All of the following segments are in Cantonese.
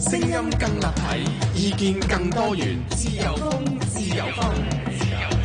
聲音更立體，意見更多元。自由風，自由風，自由風。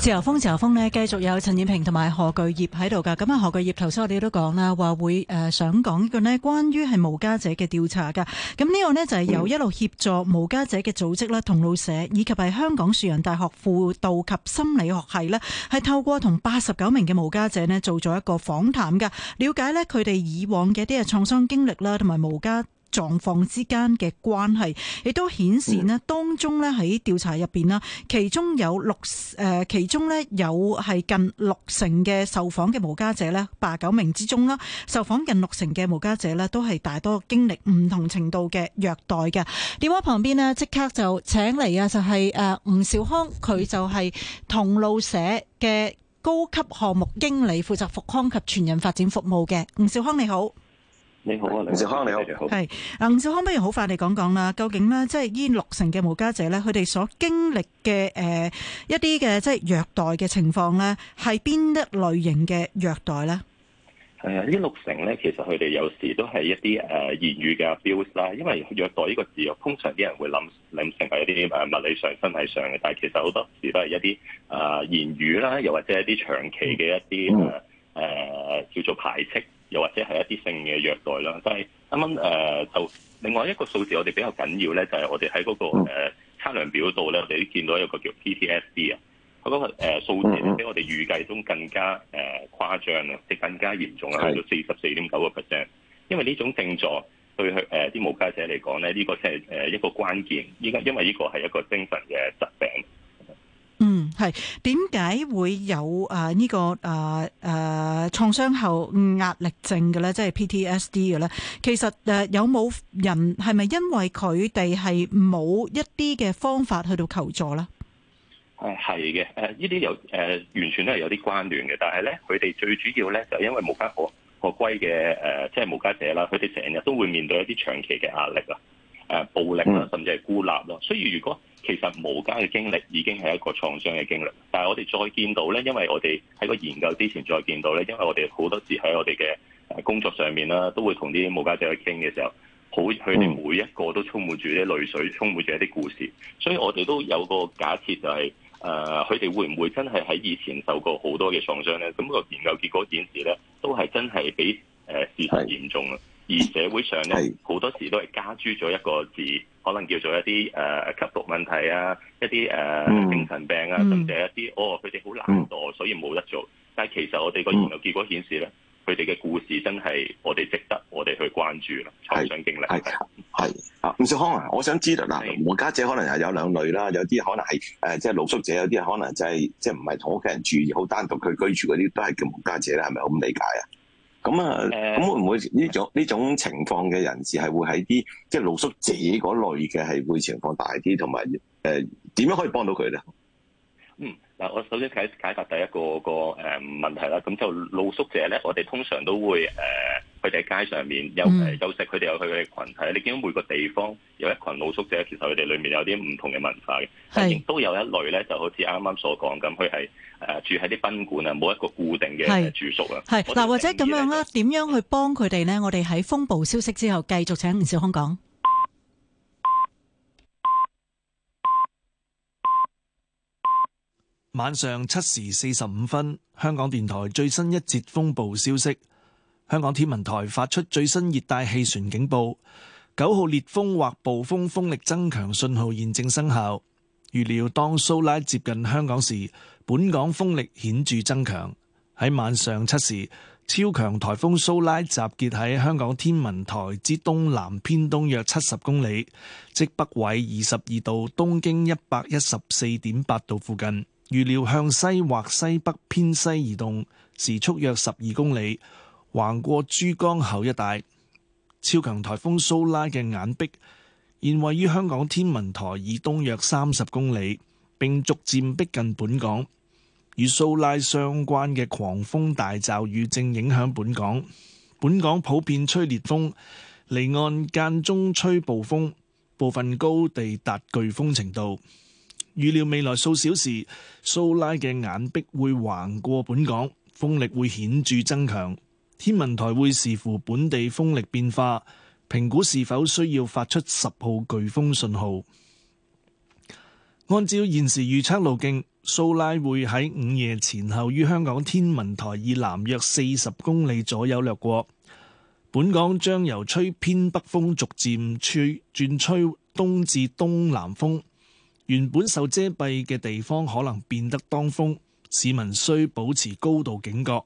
自由風，自由風咧，繼續有陳燕平同埋何巨業喺度噶。咁啊，何巨業頭先我哋都講啦，話會誒、呃、想講一個咧，關於係無家者嘅調查噶。咁呢個呢，就係、是、由一路協助無家者嘅組織啦，同路舍以及係香港樹仁大學輔導及心理學系咧，係透過同八十九名嘅無家者呢做咗一個訪談噶，了解呢，佢哋以往嘅一啲嘅創傷經歷啦，同埋無家。狀況之間嘅關係，亦都顯示咧，當中咧喺調查入邊啦，其中有六誒、呃，其中咧有係近六成嘅受訪嘅無家者咧，八九名之中啦，受訪近六成嘅無家者咧，都係大多經歷唔同程度嘅虐待嘅。電話旁邊咧，即刻就請嚟啊、就是，就係誒吳兆康，佢就係同路舍嘅高級項目經理，負責復康及全人發展服務嘅。吳兆康你好。你好啊，吳兆康你好，係，啊吳兆康，好康不如好快你講講啦，究竟呢，即係呢六成嘅無家者咧，佢哋所經歷嘅誒一啲嘅即係虐待嘅情況咧，係邊一類型嘅虐待咧？係啊，呢六成咧，其實佢哋有時都係一啲誒言語嘅 abuse 啦，因為虐待呢個字，通常啲人會諗諗成係一啲誒物理上、身體上嘅，但係其實好多時都係一啲啊言語啦，又或者一啲長期嘅一啲誒誒叫做排斥。嗯嗯又或者係一啲性嘅虐待啦，但係啱啱誒就另外一個數字，我哋比較緊要咧，就係、是、我哋喺嗰個誒、呃、測量表度咧，我哋都見到一個叫 PTSD 啊，嗰個誒數字比我哋預計中更加誒、呃、誇張啊，即更加嚴重啊，去到四十四點九個 percent，因為呢種症狀對誒啲、呃、無家者嚟講咧，呢、這個即係誒一個關鍵，依家因為呢個係一個精神嘅係點解會有誒呢個誒誒創傷後壓力症嘅咧？即係 PTSD 嘅咧？其實誒、啊、有冇人係咪因為佢哋係冇一啲嘅方法去到求助咧？誒係嘅，誒呢啲有誒、呃、完全都係有啲關聯嘅，但係咧佢哋最主要咧就係因為無家可可歸嘅誒，即係無家者啦，佢哋成日都會面對一啲長期嘅壓力啊，誒、呃、暴力啊，甚至係孤立咯，嗯、所以如果其實無家嘅經歷已經係一個創傷嘅經歷，但係我哋再見到呢，因為我哋喺個研究之前再見到呢，因為我哋好多時喺我哋嘅工作上面啦，都會同啲無家者去傾嘅時候，好佢哋每一個都充滿住啲淚水，充滿住一啲故事，所以我哋都有個假設就係、是，誒佢哋會唔會真係喺以前受過好多嘅創傷呢？咁、那個研究結果顯示呢，都係真係比誒事實嚴重啦。而社會上咧，好多時都係加諸咗一個字，是可能叫做一啲誒、呃、吸毒問題啊，一啲誒、呃、精神病啊，或者、嗯、一啲哦，佢哋好懶惰，嗯、所以冇得做。但係其實我哋個研究結果顯示咧，佢哋嘅故事真係我哋值得我哋去關注啦，充滿經歷。係啊是，吳兆康啊，是是我想知道嗱，無家是者可能又有兩類啦，有啲可能係誒即係露宿者，有啲可能就係即係唔係同屋企人住，而好單獨佢居住嗰啲都係叫無家者咧，係咪咁理解啊？咁啊，咁、嗯嗯、會唔會呢種呢、嗯、種情況嘅人士係會喺啲即係露宿者嗰類嘅係會情況大啲，同埋誒點樣可以幫到佢咧？嗯，嗱，我首先解解答第一個個誒、呃、問題啦。咁就露宿者咧，我哋通常都會誒。呃佢哋喺街上面有誒休息，佢、呃、哋有佢哋嘅群體。你見到每個地方有一群露宿者，其實佢哋裏面有啲唔同嘅文化嘅，亦都是有一類咧，就好似啱啱所講咁，佢係誒住喺啲賓館啊，冇一個固定嘅住宿啊。係嗱就，或者咁樣啦，點樣去幫佢哋呢？我哋喺風暴消息之後，繼續請吳兆康講。晚上七時四十五分，香港電台最新一節風暴消息。香港天文台發出最新熱帶氣旋警報，九號烈風或暴風風力增強信號現正生效。預料當蘇拉接近香港時，本港風力顯著增強。喺晚上七時，超強台風蘇拉集結喺香港天文台之東南偏東約七十公里，即北緯二十二度、東經一百一十四點八度附近。預料向西或西北偏西移動，時速約十二公里。橫過珠江口一帶，超強台風蘇拉嘅眼壁現位於香港天文台以東約三十公里，並逐漸逼近本港。與蘇拉相關嘅狂風大驟雨正影響本港，本港普遍吹烈風，離岸間中吹暴風，部分高地達颶風程度。預料未來數小時，蘇拉嘅眼壁會橫過本港，風力會顯著增強。天文台會視乎本地風力變化，評估是否需要發出十號颶風信號。按照現時預測路徑，蘇拉會喺午夜前後於香港天文台以南約四十公里左右掠過，本港將由吹偏北風逐漸吹轉吹東至東南風。原本受遮蔽嘅地方可能變得當風，市民需保持高度警覺。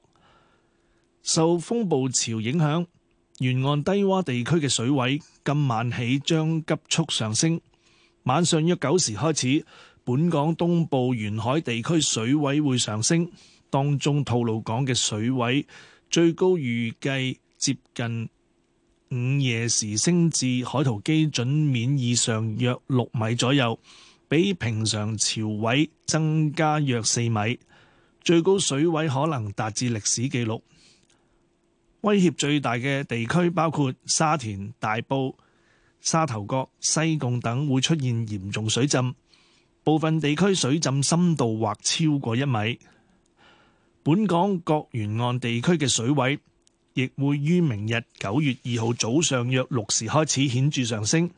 受風暴潮影響，沿岸低洼地區嘅水位今晚起將急速上升。晚上約九時開始，本港東部沿海地區水位會上升，當中吐露港嘅水位最高，預計接近午夜時升至海圖基準面以上約六米左右，比平常潮位增加約四米，最高水位可能達至歷史記錄。威脅最大嘅地區包括沙田、大埔、沙頭角、西貢等，會出現嚴重水浸，部分地區水浸深度或超過一米。本港各沿岸地區嘅水位亦會於明日九月二號早上約六時開始顯著上升，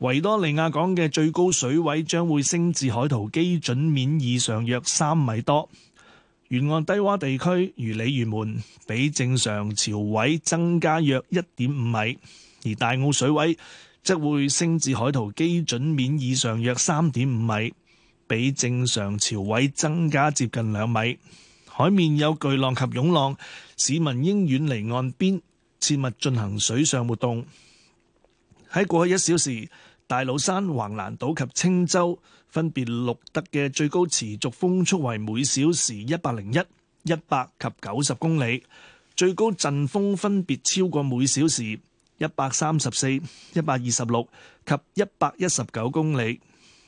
維多利亞港嘅最高水位將會升至海圖基準面以上約三米多。沿岸低洼地區如鯉魚門，比正常潮位增加約一點五米；而大澳水位則會升至海圖基準面以上約三點五米，比正常潮位增加接近兩米。海面有巨浪及湧浪，市民應遠離岸邊，切勿進行水上活動。喺過去一小時，大老山、橫瀾島及青洲，分別錄得嘅最高持續風速為每小時一百零一、一百及九十公里，最高陣風分別超過每小時一百三十四、一百二十六及一百一十九公里。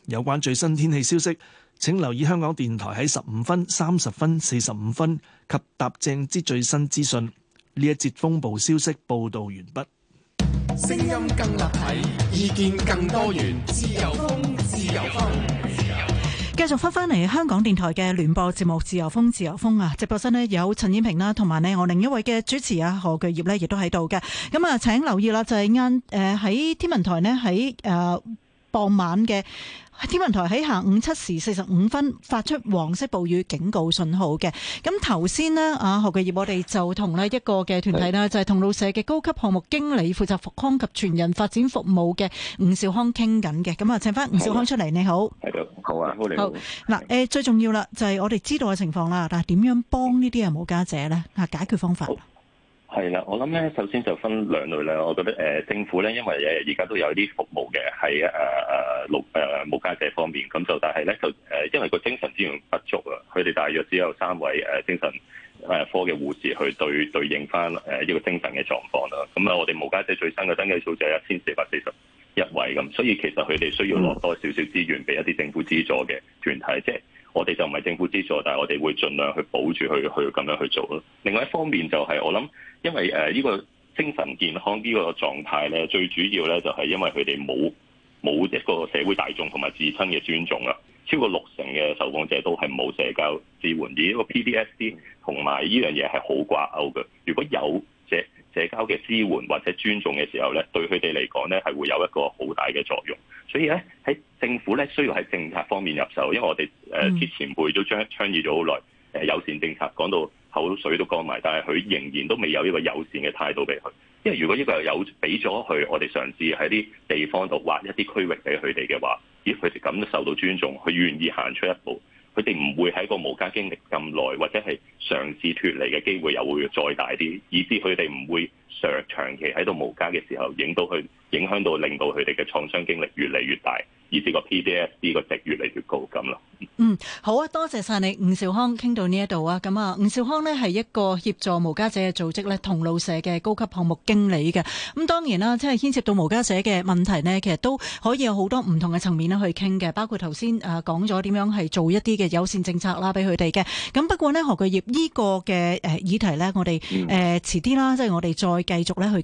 有關最新天氣消息，請留意香港電台喺十五分、三十分、四十五分及踏正之最新資訊。呢一節風暴消息報導完畢。聲音更立體，意見更多元，自由風。繼續返返嚟，香港電台嘅聯播節目《自由風》，自由風啊！直播室咧，有陳燕平啦、啊，同埋咧，我另一位嘅主持啊何巨業咧亦都喺度嘅。咁、嗯、啊，請留意啦，就係啱誒喺天文台呢，喺誒、呃、傍晚嘅。天文台喺下午七時四十五分發出黃色暴雨警告信號嘅。咁頭先咧，啊何繼業，我哋就同咧一個嘅團體啦，就係同路舍嘅高級項目經理負責復康及全人發展服務嘅吳兆康傾緊嘅。咁啊，請翻吳兆康出嚟，你好。係度好啊，歡迎。好嗱，誒，最重要啦，就係我哋知道嘅情況啦。但係點樣幫呢啲啊無家者咧？啊，解決方法。係啦，我諗咧，首先就分兩類啦。我覺得誒、呃、政府咧，因為誒而家都有啲服務嘅喺誒誒老誒無家者方面，咁就但係咧就誒，因為個精神資源不足啊，佢哋大約只有三位誒精神誒科嘅護士去對對應翻誒呢個精神嘅狀況啦。咁啊，我哋無家者最新嘅登記數就係一千四百四十一位咁，所以其實佢哋需要落多，多少少資源俾一啲政府資助嘅團體，即、就、係、是、我哋就唔係政府資助，但係我哋會盡量去保住去去咁樣去做咯。另外一方面就係、是、我諗。因為誒呢個精神健康呢個狀態咧，最主要咧就係因為佢哋冇冇一個社會大眾同埋自身嘅尊重啦。超過六成嘅受訪者都係冇社交支援，而呢個 PTSD 同埋呢樣嘢係好掛鈎嘅。如果有社社交嘅支援或者尊重嘅時候咧，對佢哋嚟講咧係會有一個好大嘅作用。所以咧喺政府咧需要喺政策方面入手，因為我哋誒、嗯、之前會都倡倡議咗好耐誒友善政策講到。口水都乾埋，但係佢仍然都未有呢個友善嘅態度俾佢。因為如果呢個有俾咗佢，我哋嘗試喺啲地方度劃一啲區域俾佢哋嘅話，如果佢哋咁受到尊重，佢願意行出一步，佢哋唔會喺個無家經歷咁耐，或者係嘗試脱離嘅機會又會再大啲，以至佢哋唔會長長期喺度無家嘅時候，影到佢影響到令到佢哋嘅創傷經歷越嚟越大，以至個 PTSD 個值越嚟越高咁咯。嗯，好啊，多謝晒你，吳兆康傾到呢一度啊，咁、嗯、啊，吳兆康呢係一個協助無家者嘅組織呢，同路社嘅高級項目經理嘅，咁、嗯、當然啦，即係牽涉到無家者嘅問題呢，其實都可以有好多唔同嘅層面去傾嘅，包括頭先誒講咗點樣係做一啲嘅友善政策啦，俾佢哋嘅，咁不過呢，何巨業呢個嘅誒、呃、議題呢，我哋誒遲啲啦，即、就、係、是、我哋再繼續咧去。